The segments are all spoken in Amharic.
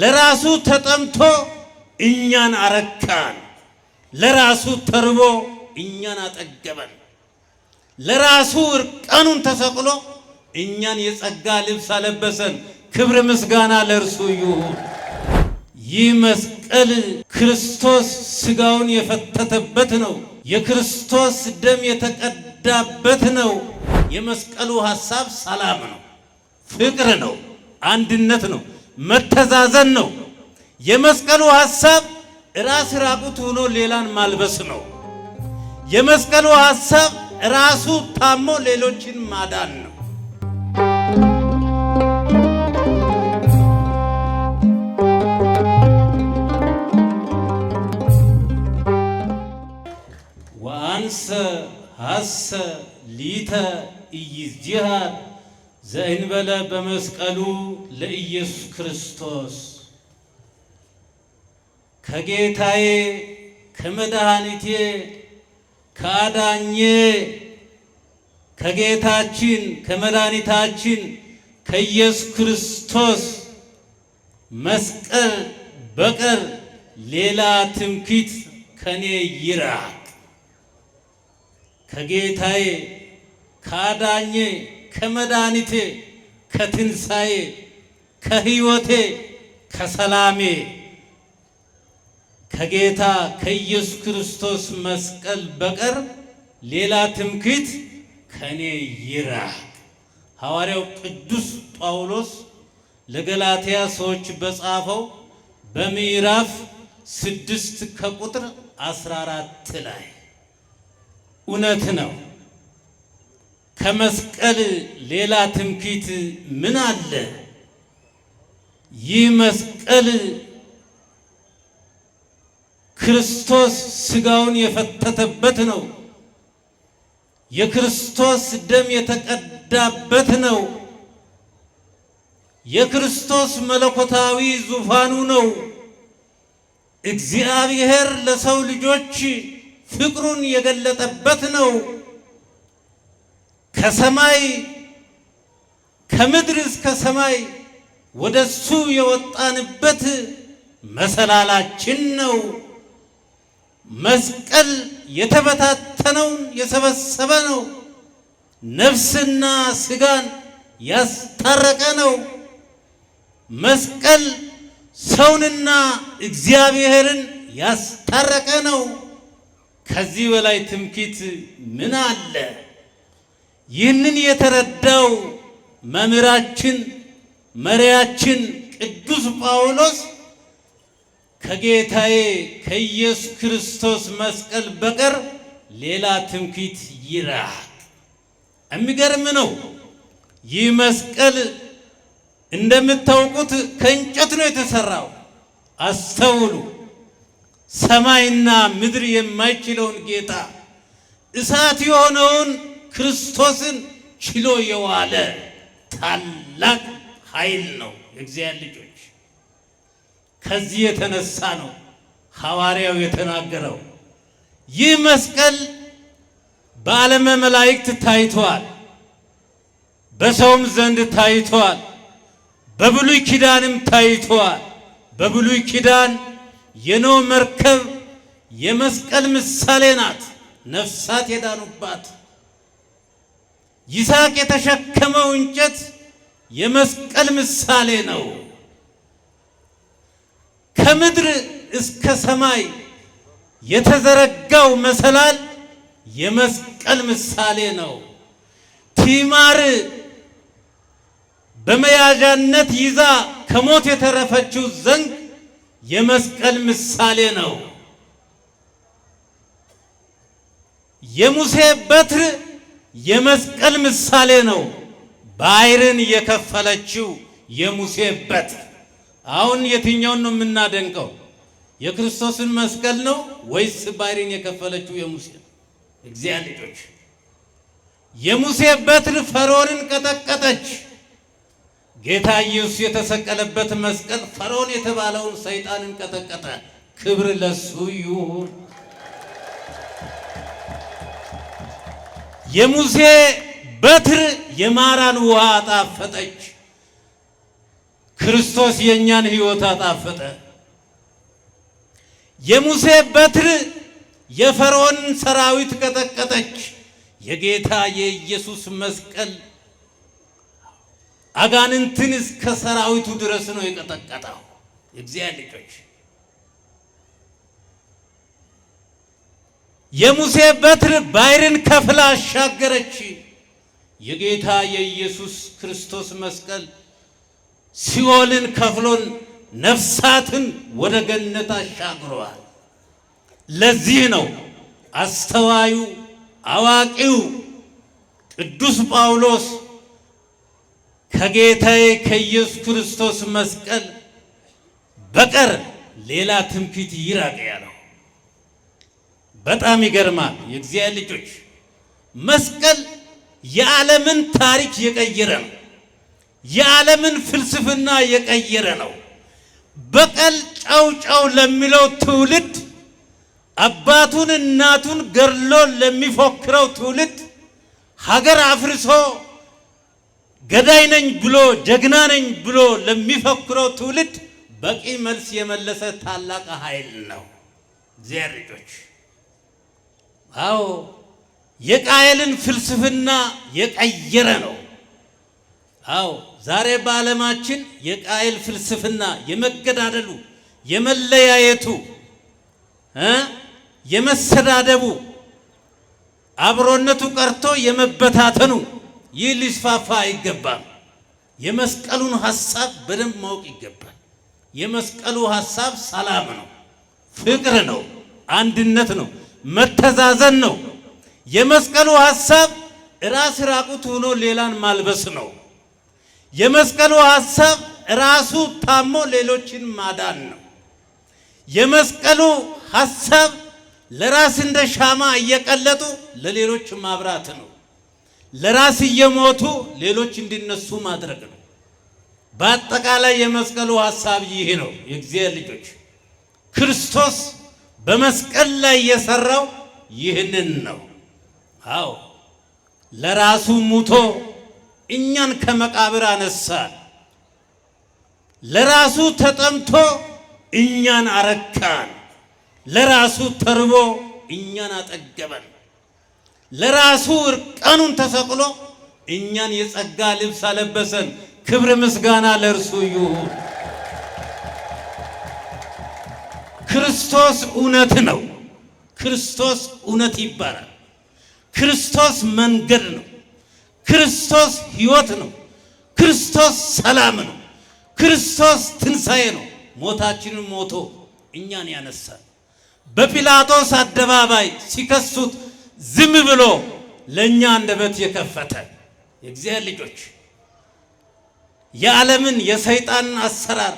ለራሱ ተጠምቶ እኛን አረካን። ለራሱ ተርቦ እኛን አጠገበን። ለራሱ እርቃኑን ተሰቅሎ እኛን የጸጋ ልብስ አለበሰን። ክብር ምስጋና ለእርሱ ይሁን። ይህ መስቀል ክርስቶስ ሥጋውን የፈተተበት ነው። የክርስቶስ ደም የተቀዳበት ነው። የመስቀሉ ሐሳብ ሰላም ነው፣ ፍቅር ነው፣ አንድነት ነው። መተዛዘን ነው። የመስቀሉ ሐሳብ ራስ ራቁት ሆኖ ሌላን ማልበስ ነው። የመስቀሉ ሐሳብ ራሱ ታሞ ሌሎችን ማዳን ነው። ወአንሰ ሐሰ ሊተ ኢይዝጂሃር ዘእንበለ በመስቀሉ ለኢየሱስ ክርስቶስ ከጌታዬ ከመድኃኒቴ ከአዳኜ ከጌታችን ከመድኃኒታችን ከኢየሱስ ክርስቶስ መስቀል በቀር ሌላ ትምክህት ከኔ ይራቅ። ከጌታዬ ከአዳኜ ከመድኃኒቴ ከትንሣኤ ከሕይወቴ ከሰላሜ ከጌታ ከኢየሱስ ክርስቶስ መስቀል በቀር ሌላ ትምክህት ከኔ ይራቅ። ሐዋርያው ቅዱስ ጳውሎስ ለገላትያ ሰዎች በጻፈው በምዕራፍ ስድስት ከቁጥር አስራ አራት ላይ እውነት ነው። ከመስቀል ሌላ ትምክህት ምን አለ? ይህ መስቀል ክርስቶስ ስጋውን የፈተተበት ነው። የክርስቶስ ደም የተቀዳበት ነው። የክርስቶስ መለኮታዊ ዙፋኑ ነው። እግዚአብሔር ለሰው ልጆች ፍቅሩን የገለጠበት ነው። ከሰማይ ከምድር እስከ ሰማይ ወደ እሱ የወጣንበት መሰላላችን ነው። መስቀል የተበታተነውን የሰበሰበ ነው። ነፍስና ስጋን ያስታረቀ ነው። መስቀል ሰውንና እግዚአብሔርን ያስታረቀ ነው። ከዚህ በላይ ትምክህት ምን አለ? ይህንን የተረዳው መምህራችን መሪያችን ቅዱስ ጳውሎስ ከጌታዬ ከኢየሱስ ክርስቶስ መስቀል በቀር ሌላ ትምክህት ይራቅ። የሚገርም ነው። ይህ መስቀል እንደምታውቁት ከእንጨት ነው የተሰራው። አስተውሉ። ሰማይና ምድር የማይችለውን ጌታ እሳት የሆነውን ክርስቶስን ችሎ የዋለ ታላቅ ኃይል ነው። የእግዚአብሔር ልጆች ከዚህ የተነሳ ነው ሐዋርያው የተናገረው ይህ መስቀል በዓለመ መላእክት ታይቷል፣ በሰውም ዘንድ ታይቷል፣ በብሉይ ኪዳንም ታይቷል። በብሉይ ኪዳን የኖህ መርከብ የመስቀል ምሳሌ ናት፣ ነፍሳት የዳኑባት ይስሐቅ የተሸከመው እንጨት የመስቀል ምሳሌ ነው። ከምድር እስከ ሰማይ የተዘረጋው መሰላል የመስቀል ምሳሌ ነው። ቲማር በመያዣነት ይዛ ከሞት የተረፈችው ዘንግ የመስቀል ምሳሌ ነው። የሙሴ በትር የመስቀል ምሳሌ ነው። ባይርን የከፈለችው የሙሴ በት። አሁን የትኛውን ነው የምናደንቀው? የክርስቶስን መስቀል ነው ወይስ ባይርን የከፈለችው የሙሴ እግዚአብሔር ልጆች? የሙሴ በትር ፈርዖንን ቀጠቀጠች። ጌታ ኢየሱስ የተሰቀለበት መስቀል ፈርዖን የተባለውን ሰይጣንን ቀጠቀጠ። ክብር ለሱ ይሁን። የሙሴ በትር የማራን ውሃ አጣፈጠች። ክርስቶስ የእኛን ሕይወት አጣፈጠ። የሙሴ በትር የፈርዖን ሰራዊት ቀጠቀጠች። የጌታ የኢየሱስ መስቀል አጋንንትን እስከ ሰራዊቱ ድረስ ነው የቀጠቀጠው። የእግዚአብሔር ልጆች የሙሴ በትር ባሕርን ከፍላ አሻገረች። የጌታ የኢየሱስ ክርስቶስ መስቀል ሲኦልን ከፍሎን ነፍሳትን ወደ ገነት አሻግሯል። ለዚህ ነው አስተዋዩ አዋቂው ቅዱስ ጳውሎስ ከጌታዬ ከኢየሱስ ክርስቶስ መስቀል በቀር ሌላ ትምክህት ይራቅ ያለው። በጣም ይገርማል። የእግዚአብሔር ልጆች መስቀል የዓለምን ታሪክ የቀየረ ነው። የዓለምን ፍልስፍና የቀየረ ነው። በቀል ጨው ጨው ለሚለው ትውልድ አባቱን እናቱን ገድሎ ለሚፎክረው ትውልድ ሀገር አፍርሶ ገዳይ ነኝ ብሎ ጀግና ነኝ ብሎ ለሚፎክረው ትውልድ በቂ መልስ የመለሰ ታላቅ ኃይል ነው። እግዚአብሔር ልጆች አዎ የቃየልን ፍልስፍና የቀየረ ነው። አዎ ዛሬ በዓለማችን የቃየል ፍልስፍና የመገዳደሉ፣ የመለያየቱ፣ የመሰዳደቡ አብሮነቱ ቀርቶ የመበታተኑ ይህ ሊስፋፋ አይገባም። የመስቀሉን ሐሳብ በደንብ ማወቅ ይገባል። የመስቀሉ ሐሳብ ሰላም ነው፣ ፍቅር ነው፣ አንድነት ነው። መተዛዘን ነው። የመስቀሉ ሐሳብ ራስ ራቁት ሆኖ ሌላን ማልበስ ነው። የመስቀሉ ሐሳብ ራሱ ታሞ ሌሎችን ማዳን ነው። የመስቀሉ ሐሳብ ለራስ እንደ ሻማ እየቀለጡ ለሌሎች ማብራት ነው። ለራስ እየሞቱ ሌሎች እንዲነሱ ማድረግ ነው። በአጠቃላይ የመስቀሉ ሐሳብ ይህ ነው። የእግዚአብሔር ልጆች ክርስቶስ በመስቀል ላይ የሰራው ይህንን ነው። አዎ ለራሱ ሙቶ እኛን ከመቃብር አነሳን። ለራሱ ተጠምቶ እኛን አረካን። ለራሱ ተርቦ እኛን አጠገበን። ለራሱ እርቃኑን ተሰቅሎ እኛን የጸጋ ልብስ አለበሰን። ክብር ምስጋና ለእርሱ ይሁን። ክርስቶስ እውነት ነው። ክርስቶስ እውነት ይባላል። ክርስቶስ መንገድ ነው። ክርስቶስ ሕይወት ነው። ክርስቶስ ሰላም ነው። ክርስቶስ ትንሣኤ ነው። ሞታችንን ሞቶ እኛን ያነሳል። በጲላጦስ አደባባይ ሲከሱት ዝም ብሎ ለእኛ አንደበት የከፈተ የእግዚአብሔር ልጆች የዓለምን የሰይጣንን አሰራር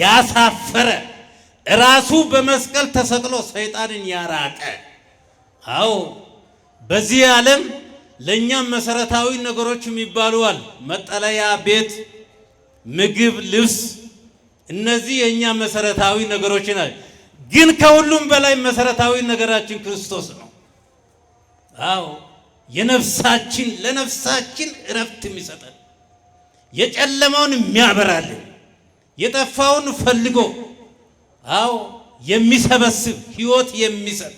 ያሳፈረ ራሱ በመስቀል ተሰቅሎ ሰይጣንን ያራቀ። አዎ በዚህ ዓለም ለእኛም መሰረታዊ ነገሮች የሚባሉ መጠለያ፣ ቤት፣ ምግብ፣ ልብስ እነዚህ የእኛ መሰረታዊ ነገሮች ናቸው። ግን ከሁሉም በላይ መሰረታዊ ነገራችን ክርስቶስ ነው። አዎ የነፍሳችን ለነፍሳችን እረፍት የሚሰጠን የጨለማውን የሚያበራልን የጠፋውን ፈልጎ አዎ የሚሰበስብ ህይወት የሚሰጥ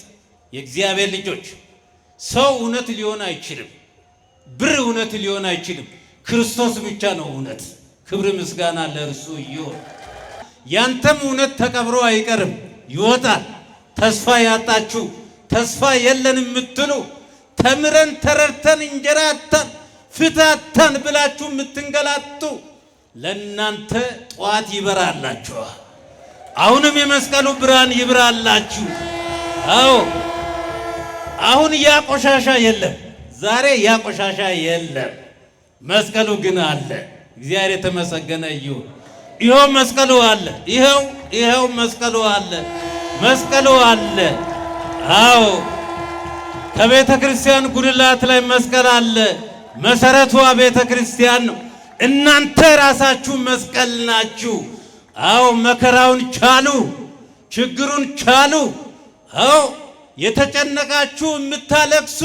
የእግዚአብሔር ልጆች ሰው እውነት ሊሆን አይችልም። ብር እውነት ሊሆን አይችልም። ክርስቶስ ብቻ ነው እውነት። ክብር ምስጋና ለእርሱ ይሁን። ያንተም እውነት ተቀብሮ አይቀርም፣ ይወጣል። ተስፋ ያጣችሁ ተስፋ የለን የምትሉ ተምረን ተረድተን እንጀራ አጣን ፍትሐታን ብላችሁ የምትንገላቱ ለእናንተ ጠዋት ይበራላችኋል። አሁንም የመስቀሉ ብርሃን ይብራላችሁ። አዎ አሁን ያ ቆሻሻ የለም፣ ዛሬ ያ ቆሻሻ የለም። መስቀሉ ግን አለ። እግዚአብሔር የተመሰገነ ይሁን። ይኸው መስቀሉ አለ። ይኸው ይኸው መስቀሉ አለ። መስቀሉ አለ። አዎ ከቤተ ክርስቲያን ጉድላት ላይ መስቀል አለ። መሰረቷ ቤተ ክርስቲያን ነው። እናንተ ራሳችሁ መስቀል ናችሁ። አዎ መከራውን ቻሉ፣ ችግሩን ቻሉ። አዎ የተጨነቃችሁ የምታለቅሱ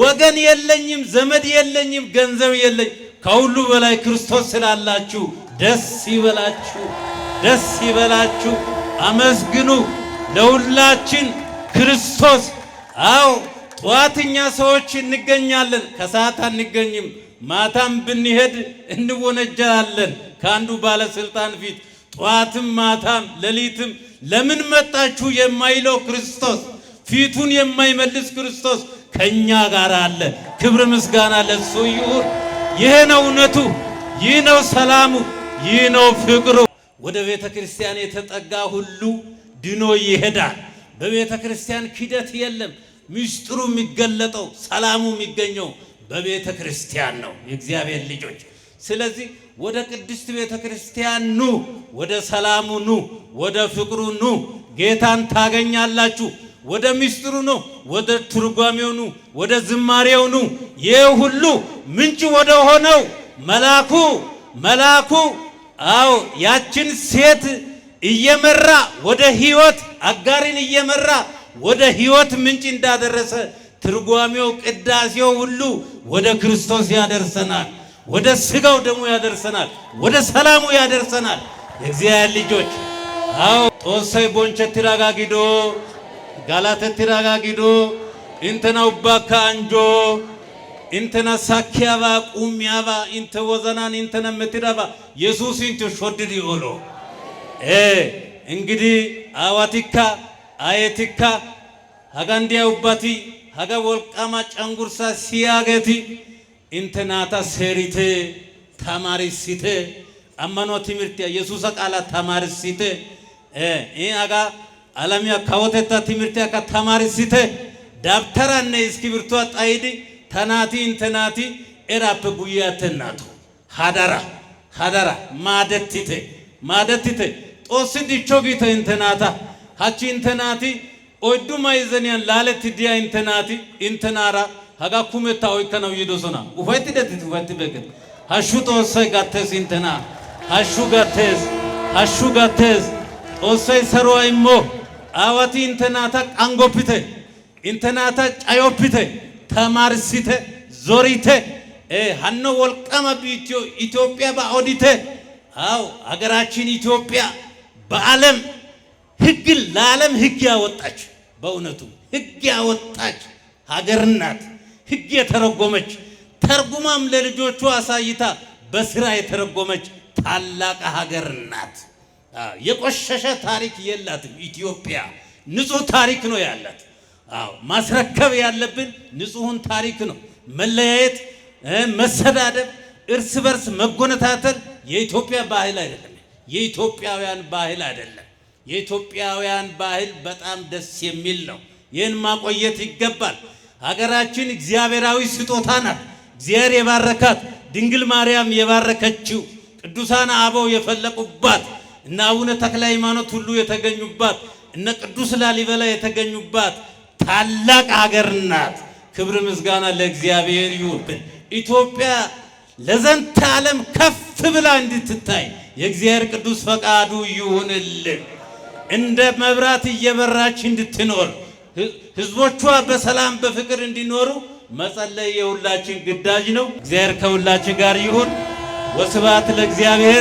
ወገን የለኝም፣ ዘመድ የለኝም፣ ገንዘብ የለኝ፣ ከሁሉ በላይ ክርስቶስ ስላላችሁ ደስ ይበላችሁ፣ ደስ ይበላችሁ፣ አመስግኑ። ለሁላችን ክርስቶስ አዎ ጠዋትኛ ሰዎች እንገኛለን፣ ከሰዓት አንገኝም። ማታም ብንሄድ እንወነጀላለን ከአንዱ ባለስልጣን ፊት። ጠዋትም ማታም ሌሊትም ለምን መጣችሁ የማይለው ክርስቶስ ፊቱን የማይመልስ ክርስቶስ ከእኛ ጋር አለ። ክብር ምስጋና ለሱ ይሁን። ይህ ነው እውነቱ፣ ይህ ነው ሰላሙ፣ ይህ ነው ፍቅሩ። ወደ ቤተ ክርስቲያን የተጠጋ ሁሉ ድኖ ይሄዳል። በቤተ ክርስቲያን ክደት የለም። ምስጢሩ የሚገለጠው ሰላሙ የሚገኘው በቤተ ክርስቲያን ነው የእግዚአብሔር ልጆች። ስለዚህ ወደ ቅድስት ቤተ ክርስቲያን ኑ፣ ወደ ሰላሙ ኑ፣ ወደ ፍቅሩ ኑ፣ ጌታን ታገኛላችሁ። ወደ ምስጢሩ ኑ፣ ወደ ትርጓሜው ኑ፣ ወደ ዝማሬው ኑ። ይህ ሁሉ ምንጭ ወደ ሆነው መላኩ መላኩ አዎ ያችን ሴት እየመራ ወደ ሕይወት አጋሪን እየመራ ወደ ሕይወት ምንጭ እንዳደረሰ ትርጓሜው ቅዳሴው ሁሉ ወደ ክርስቶስ ያደርሰናል፣ ወደ ስጋው ደግሞ ያደርሰናል፣ ወደ ሰላሙ ያደርሰናል። የእግዚአብሔር ልጆች አዎ ጦሰይ ቦንቸት ቲራጋጊዶ ጋላተት ቲራጋጊዶ እንተና ውባካ አንጆ እንተና ሳኪያባ ቁሚያባ እንተ ወዘናን እንተና ምትዳባ ኢየሱስ እንት ሾድድ ይሆሎ እንግዲህ አዋቲካ አየቲካ hagandiya ubbati haga wolqama canggurssa siyaageeti intenata serite seerite tamarissite ammanuwa timirtiya yesuusa qaala tamarissite i haga alamiya kawotetta timirtiyakka tamarissite dabtaranne iskibirtuwa xayidi ta naati inte naati eraappe guyye attennaatu hadara hadara maadettite maadettite xoossi dichcho giite inte naata hachchi oyddu mayzeniyan laalettidiya intte naati inttenaara hagaa kumettaa oykkanawu yiidosona ufayttidetti ufayttibeeketi hashshu xoossay gattees inttena hashshu gattees hashshu gattees xoossay saruwa immo aawati intte naata qangoppite intte naata cayoppite tamaarissite zorite hanno wolqqama biittiyo ኢትዮጵያ ባኦዲተ አው ሀገራችን ኢትዮጵያ በዓለም ህግ ለዓለም ህግ ያወጣች በእውነቱ ሕግ ያወጣች ሀገር ናት። ሕግ የተረጎመች ተርጉማም ለልጆቹ አሳይታ በስራ የተረጎመች ታላቅ ሀገር ናት። የቆሸሸ ታሪክ የላትም ኢትዮጵያ። ንጹህ ታሪክ ነው ያላት። ማስረከብ ያለብን ንጹህን ታሪክ ነው። መለያየት፣ መሰዳደብ፣ እርስ በርስ መጎነታተል የኢትዮጵያ ባህል አይደለም። የኢትዮጵያውያን ባህል አይደለም። የኢትዮጵያውያን ባህል በጣም ደስ የሚል ነው። ይህን ማቆየት ይገባል። ሀገራችን እግዚአብሔራዊ ስጦታ ናት። እግዚአብሔር የባረካት ድንግል ማርያም የባረከችው ቅዱሳን አበው የፈለቁባት እነ አቡነ ተክለ ሃይማኖት ሁሉ የተገኙባት እነ ቅዱስ ላሊበላ የተገኙባት ታላቅ ሀገር ናት። ክብር ምስጋና ለእግዚአብሔር ይሁን። ኢትዮጵያ ለዘንተ ዓለም ከፍ ብላ እንድትታይ የእግዚአብሔር ቅዱስ ፈቃዱ ይሁንልን። እንደ መብራት እየበራች እንድትኖር ህዝቦቿ በሰላም በፍቅር እንዲኖሩ መጸለይ የሁላችን ግዳጅ ነው። እግዚአብሔር ከሁላችን ጋር ይሁን። ወስብሐት ለእግዚአብሔር።